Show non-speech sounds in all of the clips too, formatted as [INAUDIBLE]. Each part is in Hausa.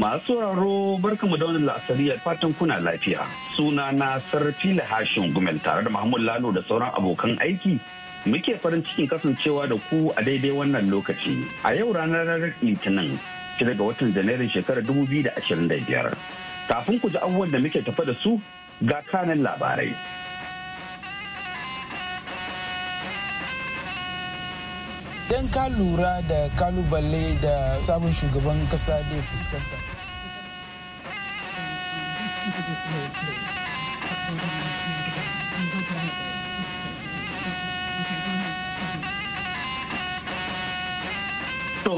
Masu sauraro barkamu da wani la'asariyar fatan kuna lafiya. Suna na Sarfila Hashin Gumel tare da Mahmud Lalo da sauran abokan aiki muke farin cikin kasancewa da ku a daidai wannan lokaci. A yau ranar Litinin, shida ga watan Janairun shekarar biyar Kafin ku ji abubuwan da muke tafa da su ga kanan labarai. Idan ka lura da kalubale da sabon shugaban kasa da fuskanta. To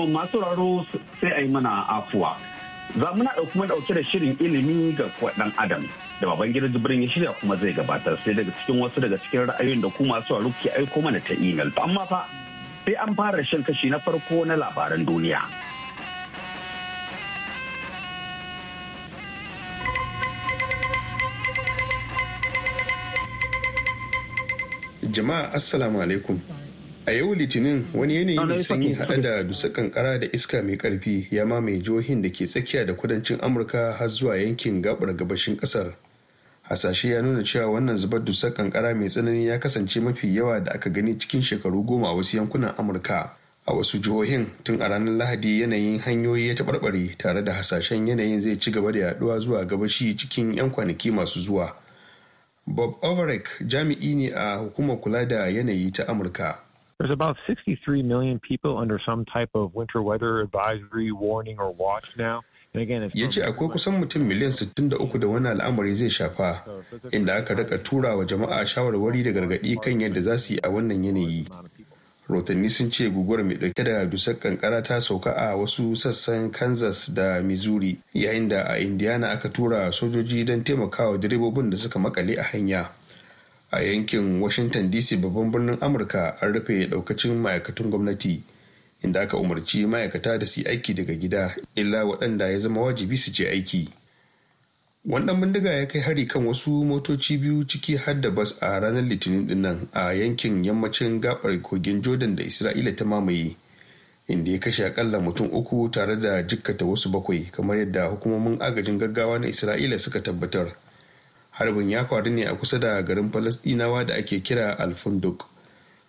masu raro sai a mana afuwa. Za muna kuma ɗauke da shirin ilimi ga ɗan Adam da baban gida jibrin ya shirya kuma zai gabatar sai daga cikin wasu daga cikin ra'ayoyin da ku masu raro ke aiko mana ta imel. Amma fa sai an fara shan kashi na farko na labaran duniya. Jama'a Assalamu alaikum. A yau Litinin wani yanayi mai sanyi haɗa da dusa kankara da iska mai ƙarfi ya mamaye jihohin da ke tsakiya da kudancin Amurka har zuwa yankin gabar gabashin ƙasar. Hasashe ya nuna cewa wannan zubar dusa kankara mai tsanani ya kasance mafi yawa da aka gani cikin shekaru goma a wasu yankunan Amurka. A wasu jihohin tun a ranar Lahadi yanayin hanyoyi ya taɓarɓare tare da hasashen yanayin zai ci gaba da yaduwa zuwa gabashi cikin 'yan kwanaki masu zuwa. Bob Overick jami'i ne a hukumar kula da yanayi ta Amurka. There's about 63 million people under some type of winter weather advisory, warning or watch now. ya ce akwai kusan mutum miliyan 63 da wani al'amari zai shafa inda aka rika tura wa jama'a shawarwari da gargaɗi kan yadda za su yi a wannan yanayi rotanni sun ce guguwar mai dauke da dusar kankara ta sauka a wasu sassan kansas da missouri yayin da a indiana aka tura sojoji don taimakawa direbobin da suka makale a hanya a yankin washington dc babban birnin amurka an rufe daukacin ma'aikatan gwamnati inda aka umarci ma'aikata da su aiki daga gida illa waɗanda ya zama wajibi su je aiki wannan bindiga ya kai hari kan wasu motoci biyu ciki har da bas a ranar litinin dinnan a yankin yammacin gabar kogin jordan da isra'ila ta mamaye inda ya kashe akalla mutum uku tare da jikkata wasu bakwai kamar yadda hukumomin agajin gaggawa na isra'ila suka tabbatar harbin ya faru ne a kusa da garin falasdinawa da ake kira alfunduk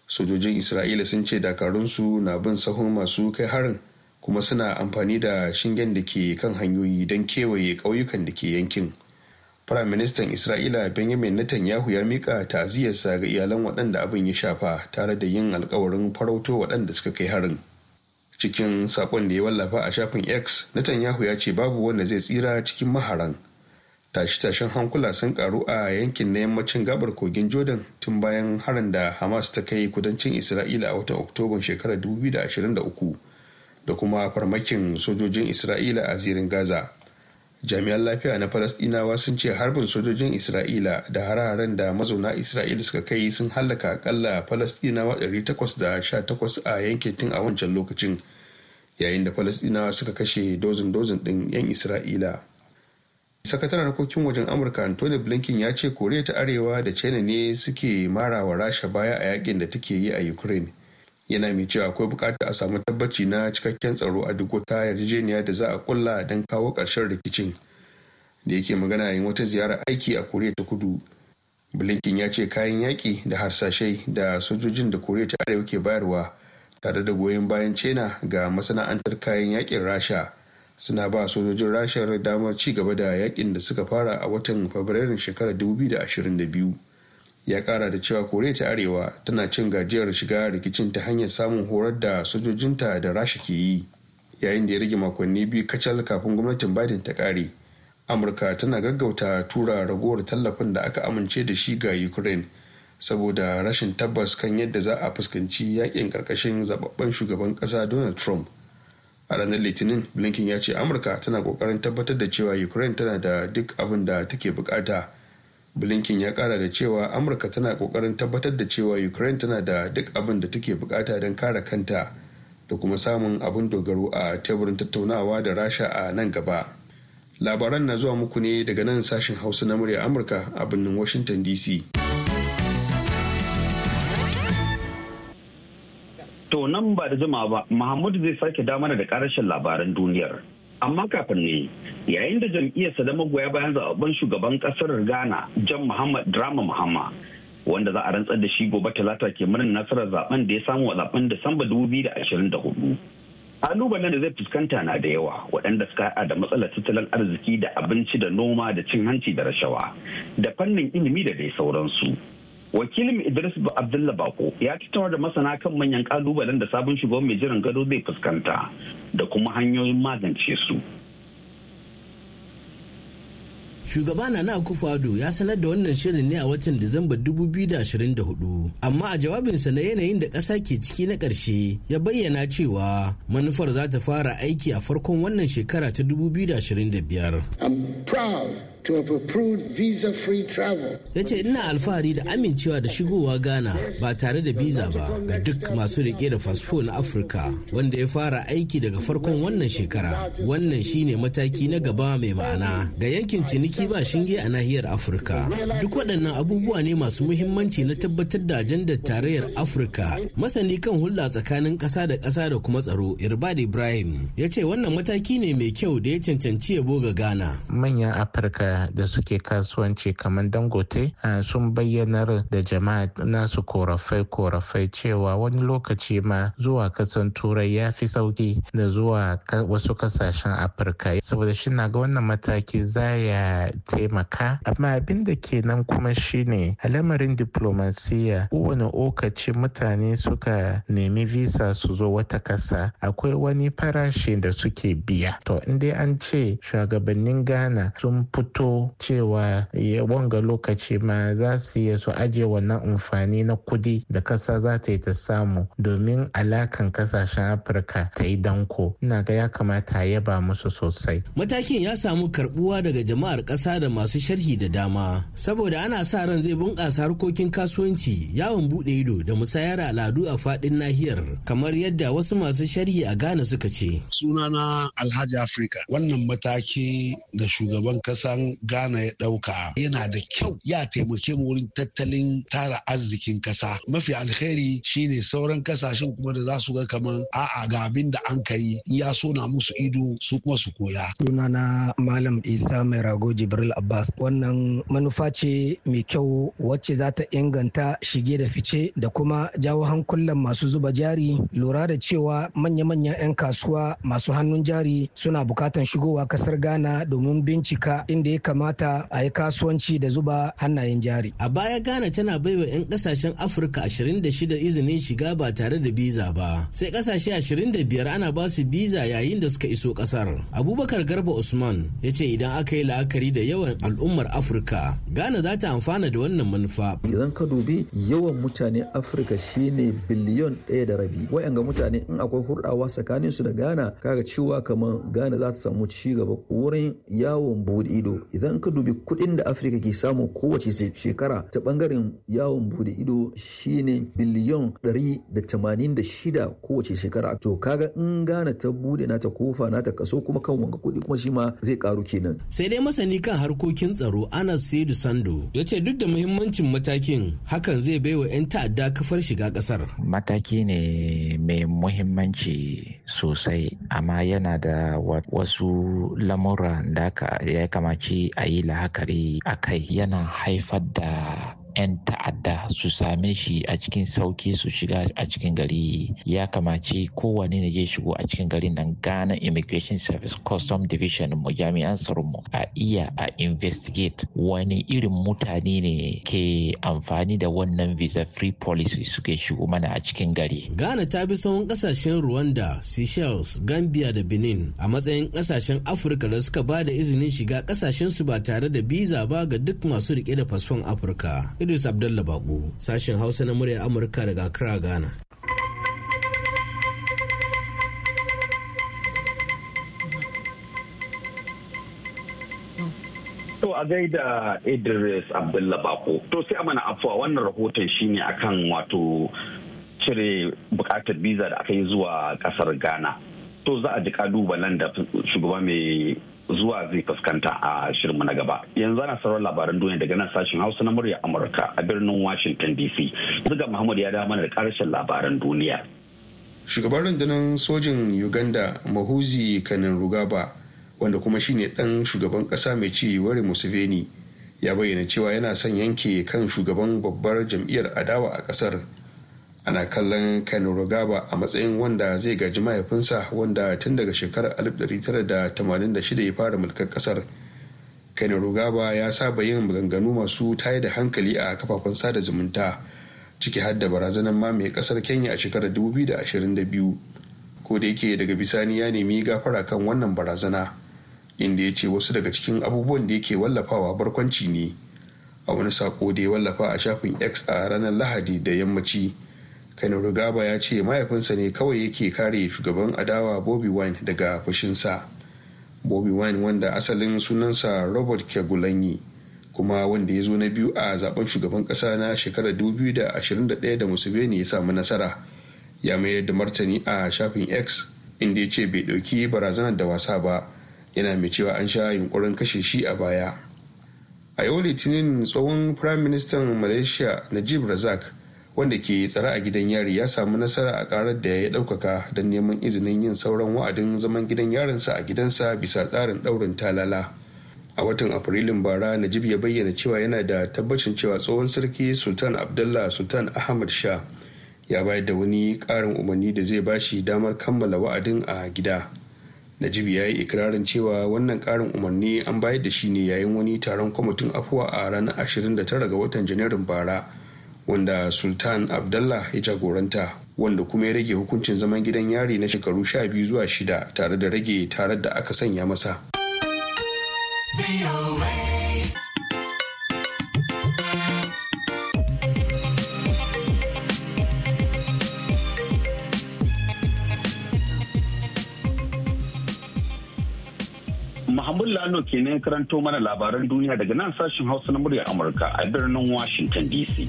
sojojin isra'ila sun ce dakarunsu na bin sahun masu kai harin kuma suna amfani da shingen da ke kan hanyoyi don kewaye ƙauyukan da ke yankin Firayim Ministan Isra'ila Benjamin Netanyahu ya mika ta'aziyarsa ga iyalan waɗanda abin ya shafa tare da yin alkawarin farauto waɗanda suka kai harin. Cikin saƙon da ya wallafa a shafin X, Netanyahu ya ce babu wanda zai tsira cikin maharan. Tashi-tashen hankula sun karu a yankin na yammacin gabar kogin Jordan tun bayan harin da Hamas ta kai kudancin Isra'ila a watan Oktoban shekarar 2023. da kuma farmakin sojojin isra'ila a zirin gaza jami'an lafiya na falastinawa sun ce harbin sojojin isra'ila da hararen da mazauna isra'ila suka kai sun hallaka akalla sha 818 a yankin tun a wancan lokacin yayin da falastinawa suka kashe dozin dozin din 'yan isra'ila sakataren harkokin wajen amurka anthony blinken ya ce koriya ta arewa da china ne suke marawa rasha baya a yakin da take yi a ukraine yana mai cewa akwai bukatar a samu tabbaci na cikakken tsaro a duk wata yarjejeniya da za a kulla don kawo ƙarshen rikicin da yake magana yin wata ziyara aiki a koriya ta kudu blinken ya ce kayan yaƙi da harsashai da sojojin da koriya ta arewa ke bayarwa tare da goyon bayan china ga masana'antar kayan yakin rasha suna ba sojojin rashar damar ci gaba da yakin da suka fara a watan fabrairun shekarar 2022 ya kara da cewa koriya ta arewa tana cin gajiyar shiga rikicin ta hanyar samun horar da sojojinta da rasha ke yi yayin da ya rage makonni biyu kacal kafin gwamnatin biden ta kare amurka tana gaggauta tura ragowar tallafin da aka amince da shi ga ukraine saboda rashin tabbas kan yadda za a fuskanci yakin karkashin zababben shugaban kasa donald trump a ranar litinin blinken ya ce amurka tana kokarin tabbatar da cewa ukraine tana da duk abin da take bukata blinken ya kara da cewa amurka tana kokarin tabbatar da cewa ukraine tana da duk abin da take bukata don kare kanta da kuma samun abin dogaro a teburin tattaunawa da rasha a nan gaba labaran na zuwa muku ne daga nan sashen hausa na murya amurka a birnin washington dc to nan ba da jima ba mahmud zai sake damar da karashin labaran duniyar amma kafin ne yayin da jam'iyyar da magoya bayan zaɓen shugaban ƙasar ghana jan muhammad drama muhamma wanda za a rantsar da shi gobe talata ke murnar nasarar zaben da ya samu a zaben disamba 2024 kalubalen da zai fuskanta na da yawa waɗanda suka haɗa da matsalar tattalin arziki da abinci da noma da cin hanci da rashawa da fannin ilimi da dai sauransu wakilin idris abdullah bako ya tattauna da masana kan manyan kalubalen da sabon shugaban mai jiran gado zai fuskanta da kuma hanyoyin magance su shugaba nana akufo ya sanar da wannan shirin ne a watan disamba 2024 amma a jawabinsa na yanayin da ƙasa ke ciki na ƙarshe ya bayyana cewa manufar za ta fara aiki a farkon wannan shekara ta 2025 to have approved visa-free travel. Ya ina alfahari da amincewa da shigowa Ghana ba tare da visa ba ga duk masu rike da fasfo na Afirka wanda ya fara aiki daga farkon wannan shekara. Wannan shine mataki na gaba mai ma'ana ga yankin ciniki ba shinge a nahiyar Afirka. Duk waɗannan abubuwa ne masu muhimmanci na tabbatar da ajandar tarayyar Afirka. Masani kan hulɗa tsakanin ƙasa da ƙasa da kuma tsaro Irbad Ibrahim ya ce wannan mataki ne mai kyau da ya cancanci yabo ga Ghana. Manyan Afirka da suke kasuwanci kamar dangote sun bayyanar da jama'a nasu korafai-korafai cewa wani lokaci ma zuwa kasan turai ya fi sauki da zuwa wasu kasashen afirka saboda shi na ga wannan mataki za ya taimaka amma abin da ke nan kuma shine lamarin diplomasiya kowane okaci mutane suka nemi visa su zo wata kasa akwai wani farashi da suke biya to in dai an ce shugabannin ghana sun fito fito cewa ya wanga lokaci ma za su iya su ajiye wannan amfani na kudi da kasa za ta yi ta samu domin alakan kasashen afirka ta yi danko ina ga ya kamata a yaba musu sosai matakin ya samu karbuwa daga jama'ar kasa da masu sharhi da dama saboda ana sa ran zai bunƙasa harkokin kasuwanci yawon bude ido da musayar al'adu a faɗin nahiyar kamar yadda wasu masu sharhi a ghana suka ce sunana alhaji afirka wannan mataki da shugaban kasan Ghana ya ɗauka yana da kyau ya taimake mu wurin tattalin tara arzikin ƙasa. Mafi alheri shine sauran kasashen kuma da za su ga kaman a'a ga abin da an kai ya so na musu ido su kuma su koya. Suna na Malam Isa Mai Rago Jibril Abbas wannan manufa ce mai kyau wacce za ta inganta shige da fice da kuma jawo hankulan masu zuba jari lura da cewa manya-manyan 'yan kasuwa masu hannun jari suna bukatan shigowa ƙasar Ghana domin bincika inda ya kamata a yi kasuwanci da zuba hannayen jari. A baya Ghana tana baiwa 'yan kasashen Afirka 26 izinin shiga ba tare da biza ba. Sai kasashe 25 ana ba su biza yayin da suka iso kasar. Abubakar Garba Usman ya ce idan aka yi la'akari da yawan al'ummar Afirka, Ghana za ta amfana da wannan manufa. Idan ka dubi yawan mutane Afirka shine biliyon ɗaya da rabi. Wayanga mutane in akwai hurɗawa su da Ghana kaga cewa kamar Ghana za ta samu ci gaba wurin yawon buɗe ido idan ka dubi kudin da afirka ke samu kowace shekara ta bangaren yawon bude ido shine biliyon 186 kowace shekara to kaga in gana ta bude nata kofa nata kaso kuma kan wanga kudi kuma shi ma zai karu kenan sai dai masani kan harkokin tsaro anas saidu sando ya ce duk da muhimmancin matakin hakan zai baiwa 'yan ta'adda kafar shiga kasar mataki ne mai muhimmanci sosai amma yana da wasu lamura da ya kamaci shi a yi la'akari a kai yana haifar da 'yan ta'adda su same shi a cikin sauki su shiga a cikin gari ya kamaci kowane ne zai shigo a cikin garin nan ghana immigration service custom division mu jami'an tsaron mu a iya a investigate wani irin mutane ne ke amfani da wannan visa free policy suke shigo mana a cikin gari ghana ta bi tsawon kasashen rwanda seychelles gambia da benin a matsayin kasashen afirka da suka ba da izinin shiga kasashen su ba tare da biza ba ga duk masu rike da fasfon afirka Idris Abdallah Bako, sashen Hausa na murya Amurka daga Accra, Ghana. To a gaida Idris Abdullah Bako. To sai amana afuwa wannan rahoton shine akan wato cire bukatar biza da aka yi zuwa kasar Ghana. To za a ji kalubalen da shugaba mai zuwa zai fuskanta a shirinmu na gaba yanzu ana sauran labaran duniya daga nan sashen hausa na murya amurka a birnin washington dc zuga muhammad ya da mana da karshen labaran duniya shugaban rundunar sojin uganda mahuzi kanin rugaba wanda kuma shine ɗan shugaban ƙasa mai ci ware museveni ya bayyana cewa yana son yanke kan shugaban babbar jam'iyyar adawa a ƙasar. ana kallon kainurogaba a matsayin wanda zai gaji mahaifinsa wanda tun daga shekarar 1986 ya fara mulkar kasar kainurogaba ya saba yin maganganu masu tayar da hankali a kafafen sada zumunta ciki har da barazanar mai kasar kenya a shekarar 2022 ko da yake daga bisani ya nemi gafara kan wannan barazana inda ya ce wasu daga cikin abubuwan da yake wallafawa barkwanci ne a wani sako da ya wallafa a shafin x a ranar lahadi da yammaci rugaba ya ce mahaifinsa ne kawai yake kare shugaban adawa bobi wine daga fushinsa bobi wine wanda asalin sunansa robert kegulanyi kuma wanda ya zo na biyu a zaben shugaban kasa na shekarar 2021 da musulmi ya samu nasara ya mayar da martani a shafin x inda ya ce bai dauki barazanar da wasa ba yana mai cewa an sha yunkurin kashe shi a baya a yau litinin tsohon prime minister malaysia najib razak wanda ke tsare a gidan yari ya samu nasara a karar da ya ɗaukaka don neman izinin yin sauran wa'adin zaman gidan yarinsa a gidansa bisa tsarin ɗaurin talala a watan afrilun bara najib ya bayyana cewa yana da tabbacin cewa tsohon sarki sultan abdullah sultan ahmad sha ya bayar da wani karin umarni da zai bashi damar kammala wa'adin a gida najib ya yi ikirarin cewa wannan karin umarni an bayar da shi ne yayin wani taron kwamitin afuwa a ranar 29 ga watan janairun bara wanda sultan abdallah ya jagoranta wanda kuma ya rage hukuncin zaman gidan yari na shekaru sha biyu zuwa shida tare da rage tarar da aka sanya masa Mahmud Lalo kenan karanto mana labaran duniya daga nan sashen Hausa na murya Amurka a birnin Washington DC.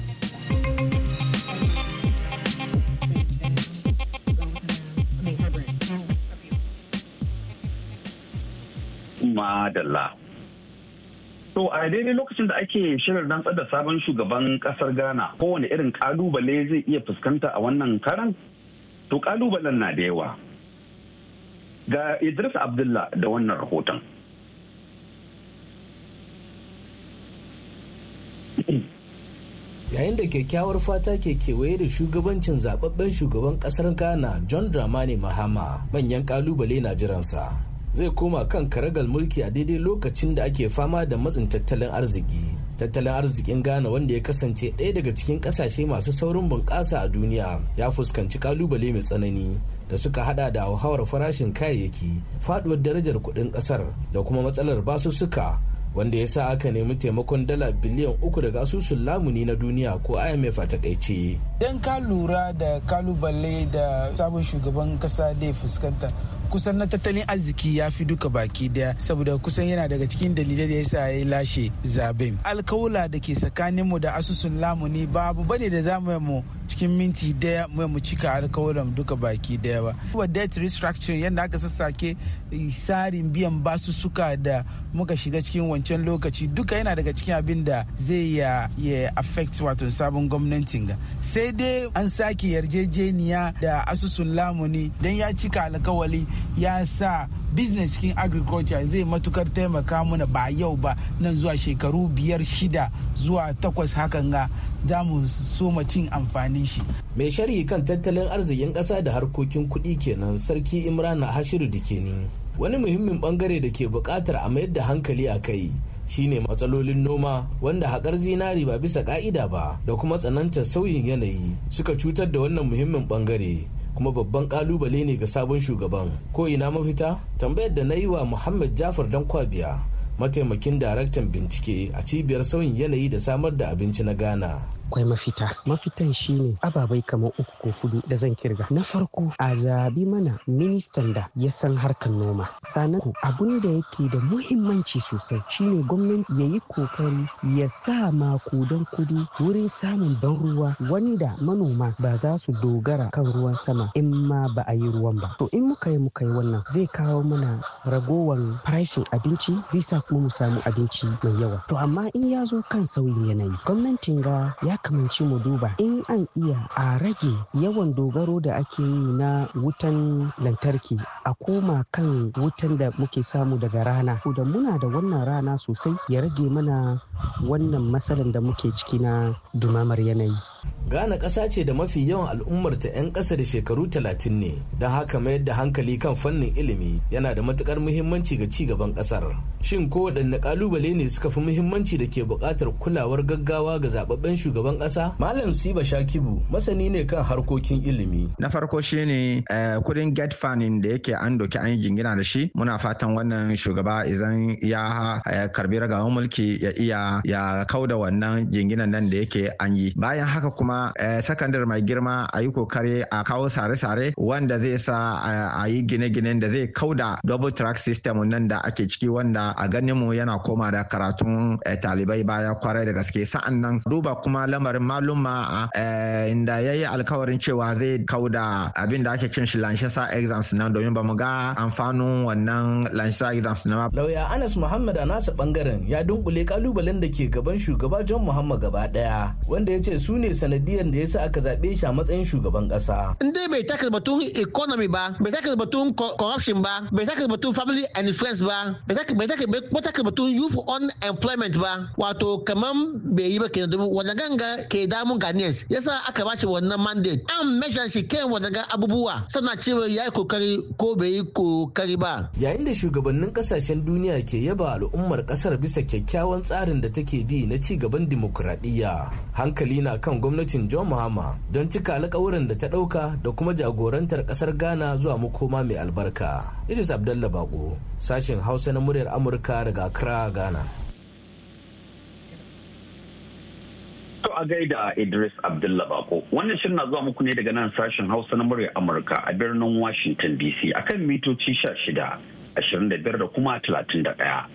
madalla To a daidai lokacin da ake shirin rantsar da sabon shugaban kasar Ghana kowane irin kalubale zai iya fuskanta a wannan karan? To kalubalen na da yawa. Ga Idris Abdullah da wannan rahoton. yayin da kyakkyawar fata ke kewaye da shugabancin zababben shugaban kasar ghana john dramani mahama manyan kalubale na jiransa zai koma kan karagal mulki a daidai lokacin da ake fama da matsin tattalin arziki tattalin arzikin ghana wanda ya kasance ɗaya daga cikin ƙasashe masu saurin bunƙasa a duniya ya fuskanci kalubale mai tsanani da suka hada da hauhawar farashin kayayyaki faduwar darajar kuɗin ƙasar da kuma matsalar basussuka wanda ya sa aka nemi taimakon dala biliyan uku daga asusun lamuni na duniya ko imf a takaice Idan ka lura da kalubale da sabon shugaban kasa da fuskanta kusan na tattalin arziki ya fi duka baki daya saboda kusan yana daga cikin dalilai da ya sa ya lashe zaben alkawula da ke tsakaninmu da asusun lamuni babu bane da zamu mu cikin minti daya mai mu cika alkawuran duka baki daya ba kuma debt restructuring yadda aka sassake eh, tsarin biyan basussuka da muka shiga cikin wancan lokaci duka yana daga cikin abin da zai ya affect wato sabon gwamnatin ga sai daidai an sake yarjejeniya da asusun lamuni don ya cika alkawali ya sa business cikin agriculture zai matukar taimaka mana ba yau ba nan zuwa shekaru biyar shida zuwa takwas hakan ga za mu soma cin amfani shi. mai sharhi kan tattalin arzikin ƙasa da harkokin kuɗi kenan sarki imrana hashiru ni wani muhimmin bangare da ke bukatar a mayar da hankali a kai shine matsalolin noma wanda haƙar zinari ba bisa ƙa'ida ba da kuma tsanantar sauyin yanayi suka cutar da wannan muhimmin bangare kuma babban kalubale ne ga sabon shugaban ko ina mafita tambayar da na yi wa muhammad jafar dan kwabiya mataimakin daraktan bincike a cibiyar sauyin yanayi da samar da abinci na ghana akwai mafita mafitan shine ababai kamar uku ko fudu da zan kirga na farko a zabi mana ministan da ya san harkar noma sannan abun da yake da muhimmanci sosai shine gwamnati ya yi kokari ya sa makudan kudi wurin samun ban ruwa wanda manoma ba za su dogara kan ruwan sama in ma ba a yi ruwan ba to in muka yi muka yi wannan zai kawo mana ragowar farashin abinci zai sa kuma mu samu abinci mai yawa to amma in ya zo kan sauyin yanayi gwamnatin ga ya ya kamanci mu duba in an iya a rage yawan dogaro da ake yi na wutan lantarki a koma kan wutan da muke samu daga rana da muna da wannan rana sosai ya rage mana wannan matsalar da muke ciki na dumamar yanayi Ghana ƙasa ce da mafi yawan al'ummarta 'yan ƙasa da shekaru 30 ne, don haka mayar da hankali kan fannin ilimi yana da matuƙar muhimmanci ga cigaban ƙasar. Shin ko waɗanne ƙalubale ne suka fi muhimmanci da ke buƙatar kulawar gaggawa ga zababben shugaban ƙasa? Malam Siba Shakibu masani ne kan harkokin ilimi. Na farko shi ne eh, kudin get funding da yake an doki an yi jingina da shi. Muna fatan wannan shugaba idan ya eh, karbi ragawan mulki ya iya ya kauda wannan jinginan nan da yake an yi. Bayan haka kuma eh, sakandare mai girma a yi kokari a kawo sare-sare wanda zai sa eh, a yi gine gine da zai kau da double track system nan da ake ciki wanda a ganin mu yana koma da karatun eh, talibai baya kwarai da gaske sa'an nan duba kuma lamarin maluma inda ya yi alkawarin cewa zai da abin da ake cin shi lanshasa exams nan domin ba mu ga amfanin wannan lanshasa exams na lauya anas muhammad a nasa bangaren ya dunkule kalubalen da ke gaban shugaba john muhammad gaba daya wanda ya ce su ne sanadiyar da ya sa aka zaɓe shi a matsayin shugaban ƙasa. In dai bai tackle batun economy ba, bai tackle batun corruption ba, bai tackle batun family and friends ba, bai tackle batun youth unemployment ba, wato kamar bai yi ba kenan dubu wanda ganga ke damun Ghanaians yasa aka ba shi wannan mandate. An measure shi kan wanda ga abubuwa sana cewa ya yi kokari ko bai yi kokari ba. Yayin da shugabannin kasashen duniya ke yaba al'ummar ƙasar bisa kyakkyawan tsarin da take bi na ci gaban dimokuraɗiyya. Hankali na kan gwamnati gwamnatin john mahama don cika alkawuran da ta dauka da kuma jagorantar kasar ghana zuwa makoma mai albarka idris abdallah bako sashen hausa na muryar amurka daga accra ghana a gaida Idris Abdullah Bako. Wannan shirin na zuwa muku ne daga nan sashen Hausa na muryar Amurka a birnin Washington DC akan mitoci 16, 25 da kuma 31.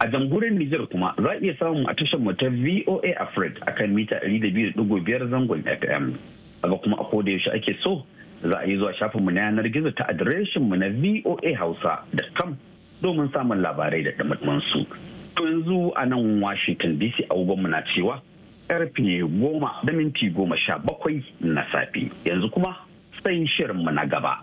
a jamhuriyar Nijar kuma za a iya samun a tashar mu ta VOA Africa kan mita 200.5 zangon FM. Haka kuma a koda yaushe ake so za a yi zuwa shafin mu na yanar gizo ta adireshin mu na voa hausa da kam domin samun labarai da damatman su. yanzu a nan Washington DC a mu na cewa karfe goma da minti goma sha bakwai na safe yanzu kuma sai shirin mu na gaba.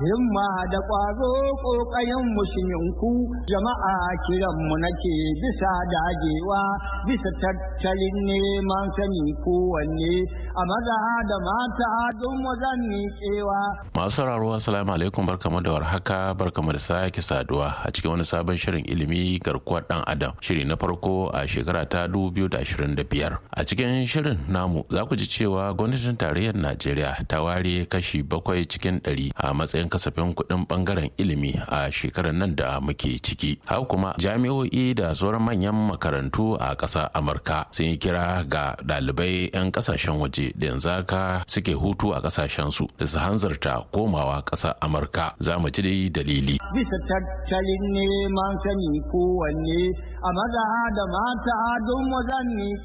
himma da ƙwazo ƙoƙayen mushiminku jama'a kiranmu nake bisa dagewa bisa tattalin neman sani kowanne a maza da mata don wazan miƙewa. Masu sauraro salamu alaikum barkamu da warhaka barkamu da sake saduwa a cikin wani sabon shirin ilimi garkuwar dan adam shiri na farko a shekara ta da biyar a cikin shirin namu za ku ji cewa gwamnatin tarayyar Najeriya ta ware kashi bakwai cikin ɗari a matsayin kasafin kuɗin ɓangaren ilimi a shekarar nan da muke ciki haka kuma jami'o'i da sauran manyan makarantu a ƙasa amurka sun yi kira ga ɗalibai 'yan ƙasashen waje da yanzu haka suke hutu a ƙasashen su da su hanzarta komawa ƙasa amurka za mu ji dai dalili bisa tattalin neman sani kowanne a maza da mata don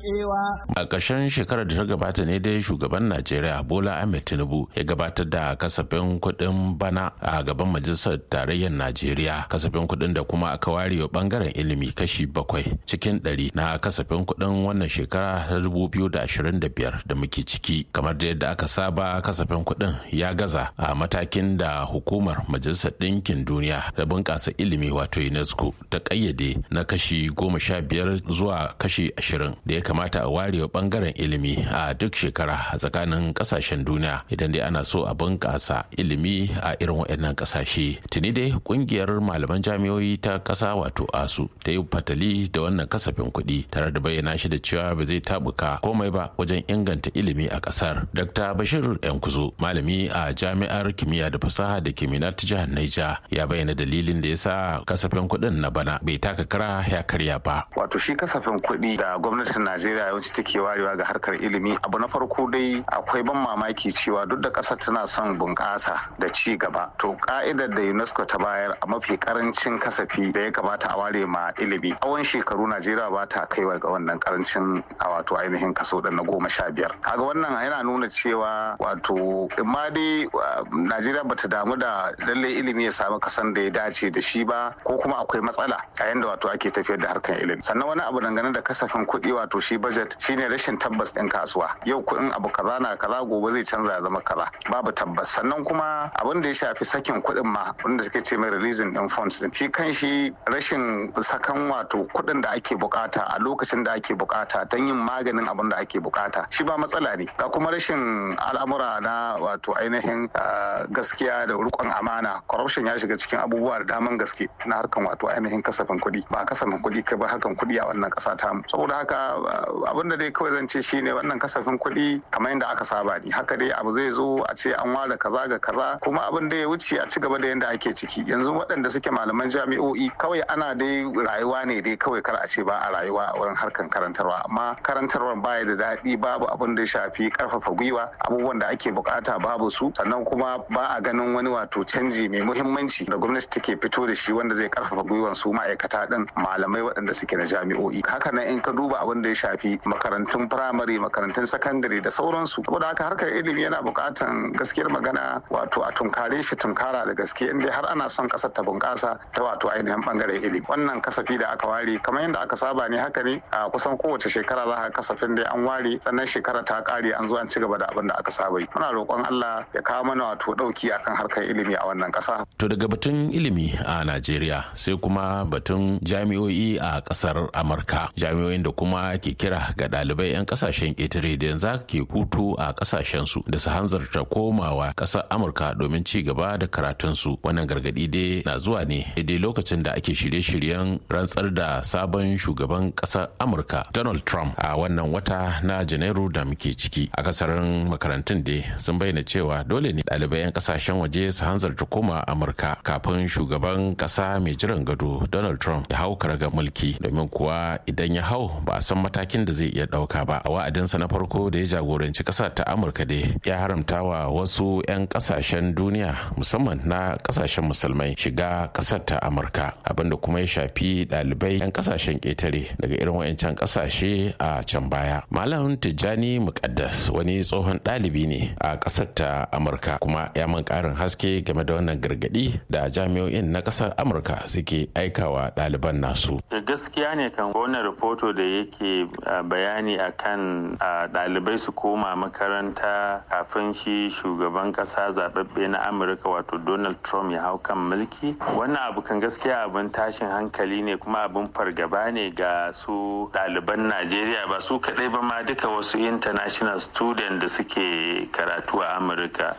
kewa. a ƙarshen shekarar da ta gabata ne dai shugaban najeriya bola ahmed tinubu ya gabatar da kasafin kuɗin bana rana a gaban majalisar tarayyar najeriya kasafin kuɗin da kuma aka ware wa bangaren ilimi kashi bakwai cikin ɗari na kasafin kuɗin wannan shekara ta dubu biyu da ashirin da biyar da muke ciki kamar da yadda aka saba kasafin kuɗin ya gaza a matakin da hukumar majalisar ɗinkin duniya da bunƙasa ilimi wato unesco ta ƙayyade na kashi goma sha biyar zuwa kashi ashirin da ya kamata a ware wa bangaren ilimi a duk shekara a tsakanin ƙasashen duniya idan dai ana so a bunƙasa ilimi a irin waɗannan ƙasashe tuni dai ƙungiyar malaman jami'o'i ta ƙasa wato asu ta yi fatali da wannan kasafin kuɗi tare da bayyana shi da cewa ba zai tabuka komai ba wajen inganta ilimi a ƙasar dr bashir yankuzo malami a jami'ar kimiyya da fasaha da kimiyya ta jihar naija ya bayyana dalilin da ya sa kasafin kuɗin na bana bai taka kara ya karya ba wato shi kasafin kuɗi da gwamnatin najeriya yawanci take warewa ga harkar ilimi abu na farko dai akwai ban mamaki cewa duk da ƙasar tana son bunƙasa da ci gaba to ka'idar da unesco ta bayar a mafi karancin kasafi da ya kamata a ware ma ilimi tsawon shekaru najeriya ba ta kaiwa ga wannan karancin a wato ainihin kaso na goma sha biyar kaga wannan yana nuna cewa wato ma dai najeriya ba ta damu da lallai ilimi ya samu kasan da ya dace da shi ba ko kuma akwai matsala a yanda wato ake tafiyar da harkar ilimi sannan wani abu dangane da kasafin kuɗi wato shi budget shine rashin tabbas ɗin kasuwa yau kuɗin abu kaza na kaza gobe zai canza ya zama kaza babu tabbas sannan kuma abin da shafi sakin kuɗin ma wanda suke ce mai releasing ɗin funds din shi kan shi rashin sakan wato kuɗin da ake bukata a lokacin da ake bukata don yin maganin abin da ake bukata shi ba matsala ne ga kuma rashin al'amura na wato ainihin ah, gaskiya da rukon amana corruption ya shiga cikin abubuwa da daman gaske na harkan wato ainihin kasafin kuɗi ba kasafin kuɗi kai ba harkan kuɗi a wannan ƙasa ta mu saboda haka ah, abin da dai kawai zan ce shi ne wannan kasafin kuɗi kamar yadda aka saba ne haka dai abu zai zo a ce an ware kaza ga kaza kuma abin wanda ya wuce a ci gaba da yadda ake ciki yanzu waɗanda suke malaman jami'o'i kawai ana dai rayuwa ne dai kawai kar a ce ba a rayuwa a wurin harkan karantarwa amma karantarwar baya da daɗi babu abin da ya shafi karfafa gwiwa abubuwan da ake bukata babu su sannan kuma ba a ganin wani wato canji mai muhimmanci da gwamnati take fito da shi wanda zai karfafa gwiwan su ma'aikata din malamai waɗanda suke na jami'o'i haka nan in ka duba abin da ya shafi makarantun firamare makarantun sakandare da sauransu saboda haka harkar ilimi yana bukatan gaskiyar magana wato a tunkari tunkare shi tunkara da gaske in dai har ana son kasar ta bunƙasa ta wato ainihin bangaren ilimi wannan kasafi da aka ware kamar yadda aka saba ne haka ne a kusan kowace shekara za ka kasafin dai an ware sannan shekara ta kare an zo an ci gaba da abin da aka saba yi muna roƙon Allah ya kawo mana wato ɗauki akan harkar ilimi a wannan ƙasa. To daga batun ilimi a Najeriya sai kuma batun jami'o'i a ƙasar Amurka jami'o'in da kuma ke kira ga ɗalibai 'yan ƙasashen ƙetare da yanzu ke hutu a ƙasashen su da su hanzarta komawa ƙasar Amurka domin ci gaba da karatunsu wannan gargadi dai na zuwa ne daidai lokacin da ake shirye-shiryen rantsar da sabon shugaban ƙasar amurka donald trump a wannan wata na janairu da muke ciki a akasarin makarantun dai sun bayyana cewa dole ne ɗalibai 'yan ƙasashen waje su hanzarta koma amurka kafin shugaban ƙasa mai jiran gado donald trump ya hau karagar mulki domin kuwa idan ya hau ba a san matakin da zai iya ɗauka ba a wa'adinsa na farko da ya jagoranci ƙasa ta amurka dai ya haramta wa wasu 'yan ƙasashen duniya musamman na kasashen musulmai shiga kasar ta amurka abinda kuma ya shafi dalibai 'yan kasashen ketare daga irin wayancan kasashe a can baya malam tijjani mukaddas wani tsohon dalibi ne a kasar ta amurka kuma ya man ƙarin haske game da wannan gargadi da jami'o'in na kasar amurka suke aikawa daliban nasu eh, gaskiya ne kan wannan rahoto da yake bayani akan ɗalibai su koma makaranta kafin shi shugaban kasa zaɓaɓɓe na amurka amurka wato donald trump ya hau kan mulki wannan abu kan gaskiya abin tashin hankali ne kuma abin fargaba ne ga su ɗaliban najeriya ba su kaɗai ba ma duka wasu international student da suke karatu a amurka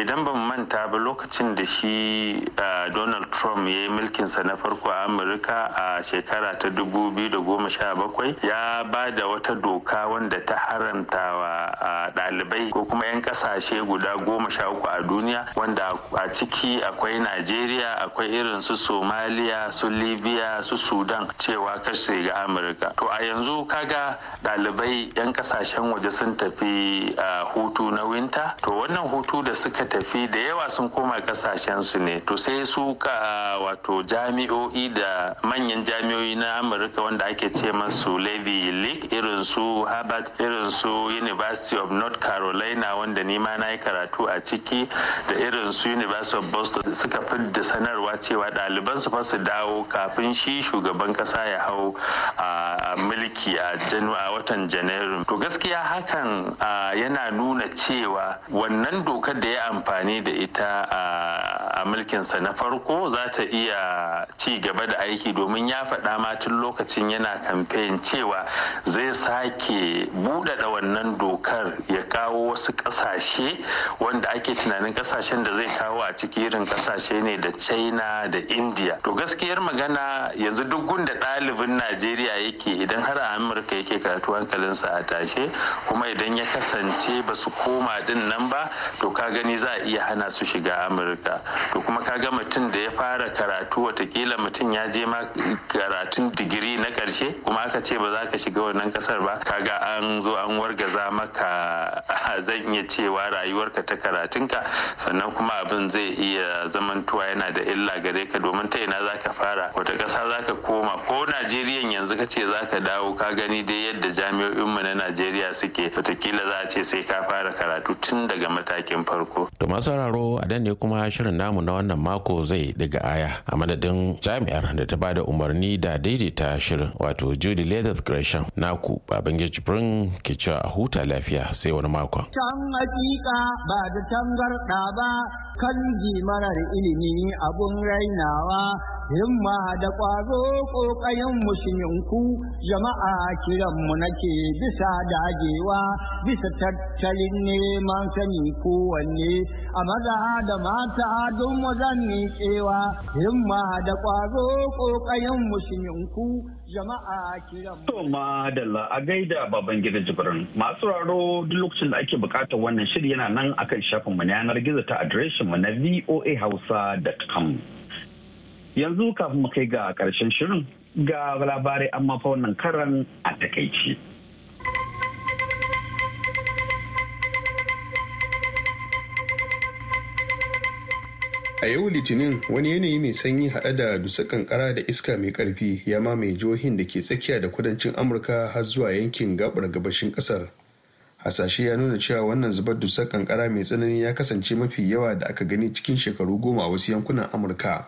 idan ban manta ba lokacin da shi donald trump ya yi mulkinsa na farko a amurka a shekara ta 2017 ya ba da wata doka wanda ta haramta wa ɗalibai ko kuma 'yan ƙasashe guda goma sha uku a duniya wanda a ciki akwai najeriya akwai irin su somaliya su libya su sudan cewa kashe ga amurka to a yanzu kaga ɗalibai 'yan kasashen waje sun tafi hutu na winta to wannan hutu da suka tafi da yawa sun koma kasashen su ne to sai su ka wato jami'o'i da manyan jami'o'i na amurka wanda ake ce masu levy league irin su harvard irin su university of north carolina wanda nima na yi karatu a ciki da irin irin su University of Boston suka fi da sanarwa cewa ɗaliban su su dawo kafin shi shugaban kasa ya hau a mulki a watan Janairu. To gaskiya hakan yana nuna cewa wannan dokar da ya amfani da ita a mulkinsa na farko za ta iya ci gaba da aiki domin ya faɗa ma tun lokacin yana kamfen cewa zai sake buɗaɗa wannan dokar ya kawo wasu ƙasashe wanda ake tunanin ƙasashen da zai kawo a ciki irin kasashe ne da china da india to gaskiyar magana yanzu duk gunda ɗalibin najeriya yake idan har a amurka yake karatu hankalinsa a tashe kuma idan ya kasance ba su koma din nan ba to ka gani za a iya hana su shiga amurka to kuma ka ga mutum da ya fara karatu watakila mutum ya je ma karatun digiri na karshe kuma aka ce ba za ka shiga wannan kasar ba kaga an zo an wargaza maka [LAUGHS] zan iya cewa rayuwarka ta karatunka sannan kuma kuma abin zai iya zamantuwa yana da illa gare ka domin ta ina za ka fara wata ƙasa za ka koma ko najeriya yanzu ka ce za ka dawo ka gani dai yadda jami'o'inmu na najeriya suke watakila za a ce sai ka fara karatu tun daga matakin farko. to masu sauraro a dan ne kuma shirin namu na wannan mako zai daga aya a madadin jami'ar da ta bada umarni da daidaita shirin wato judy leather gresham naku babangeji jibrin ke cewa a huta lafiya sai wani mako. can hakika ba da garɗa ba kanji marar ilimi abun rainawa himma da ƙwazo ƙoƙarin musulminku jama'a kiranmu nake bisa dagewa bisa tattalin neman sani kowanne a maza da mata don mu zan miƙewa himma da ƙwazo ƙoƙarin musulminku jama'a kiran to la a gaida baban gida jibrin masu raro duk lokacin da ake bukatar wannan shiri yana nan akan shafin mu na yanar gizo ta adireshin mu na voahausa.com yanzu kafin mu kai ga karshen shirin ga labarai amma fa wannan karan a takaici. a yau litinin wani yanayi mai sanyi hada da dusar kankara da iska mai karfi ya mamaye jihohin da ke tsakiya da kudancin amurka har zuwa yankin gabar gabashin kasar hasashe ya nuna cewa wannan zubar dusar kankara mai tsanani ya kasance mafi yawa da aka gani cikin shekaru goma a wasu yankunan amurka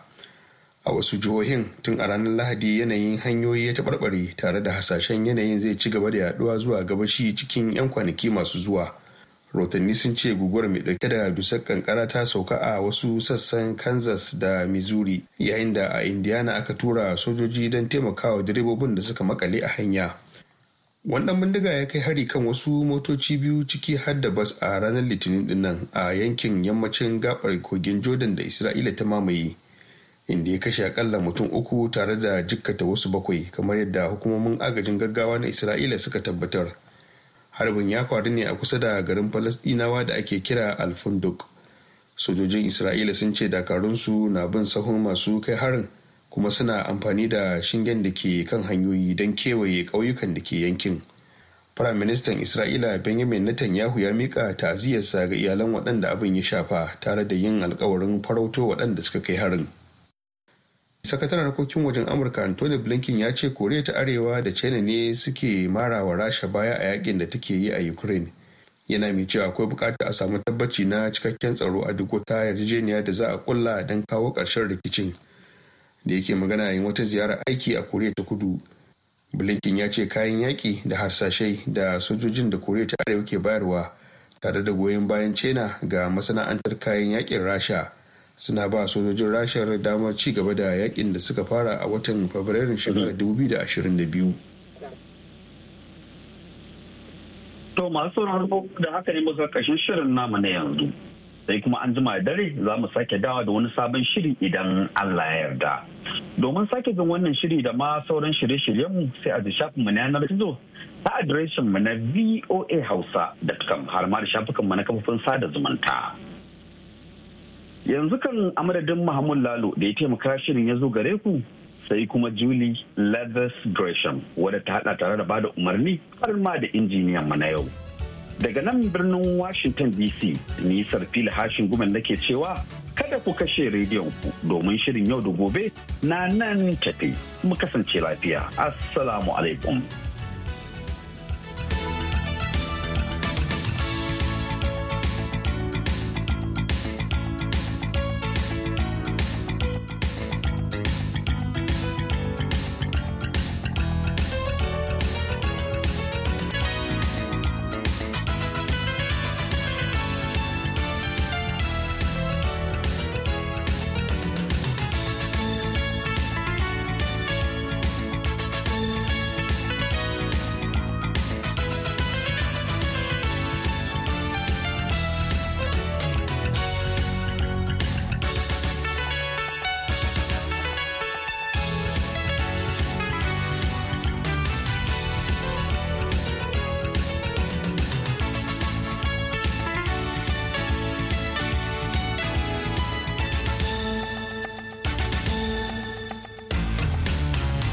a wasu jihohin tun a ranar lahadi yanayin hanyoyi ya taɓarɓare tare da hasashen yanayin zai ci gaba da yaduwa zuwa gabashi cikin 'yan kwanaki masu zuwa rotanni sun ce guguwar mai dauke da dusar kankara ta sauka a wasu sassan kansas da missouri yayin da a indiana aka tura sojoji don taimakawa direbobin da suka makale a hanya wannan bindiga ya kai hari kan wasu motoci biyu ciki har da bas a ranar litinin dinnan a yankin yammacin gabar kogin jordan da isra'ila ta mamaye inda ya kashe akalla mutum uku tare da jikkata wasu bakwai kamar yadda hukumomin agajin gaggawa na isra'ila suka tabbatar harbin ya faru ne a kusa da garin falasdinawa da ake kira alfunduk sojojin isra'ila sun ce dakarunsu na bin sahun masu kai harin kuma suna amfani da shingen da ke kan hanyoyi don kewaye ƙauyukan da ke yankin firaministan isra'ila benjamin netanyahu ya mika ta'aziyarsa ga iyalan waɗanda abin ya shafa tare da yin alkawarin farauto waɗanda suka kai harin sakataren harkokin wajen amurka anthony blinken ya ce koriya ta arewa da china ne suke mara wa rasha baya a yakin da take yi a ukraine yana mai cewa akwai bukatar a samu tabbaci na cikakken tsaro a duk wata yarjejeniya da za a kulla don kawo karshen rikicin da yake magana yin wata ziyarar aiki a koriya ta kudu blinken ya ce kayan yaki da harsashai da sojojin da koriya ta arewa ke bayarwa tare da goyon bayan china ga masana'antar kayan yakin rasha suna ba sojojin rashar damar ci gaba da yakin da suka fara a watan fabrairun shekarar 2022 to masu sauraro da haka ne muka kashin shirin namu na yanzu sai kuma an jima da dare za mu sake dawa da wani sabon shiri idan Allah ya yarda. Domin sake jin wannan shiri da ma sauran shirye-shiryenmu sai a ji shafinmu na yanar gizo ta adireshinmu na voa hausa da har ma da shafukanmu na kafofin sada zumunta. yanzu kan amadadin Muhammad Lalo da ya taimaka shirin ya zo gare ku sai kuma Julie Leathers Gresham wadda ta hada tare da bada umarni har ma da injiniyan mu na yau. Daga nan birnin Washington DC Nisar Sarfil Hashin Gumen nake cewa kada ku kashe rediyon ku domin shirin yau da gobe na nan tafi mu kasance lafiya. Assalamu alaikum.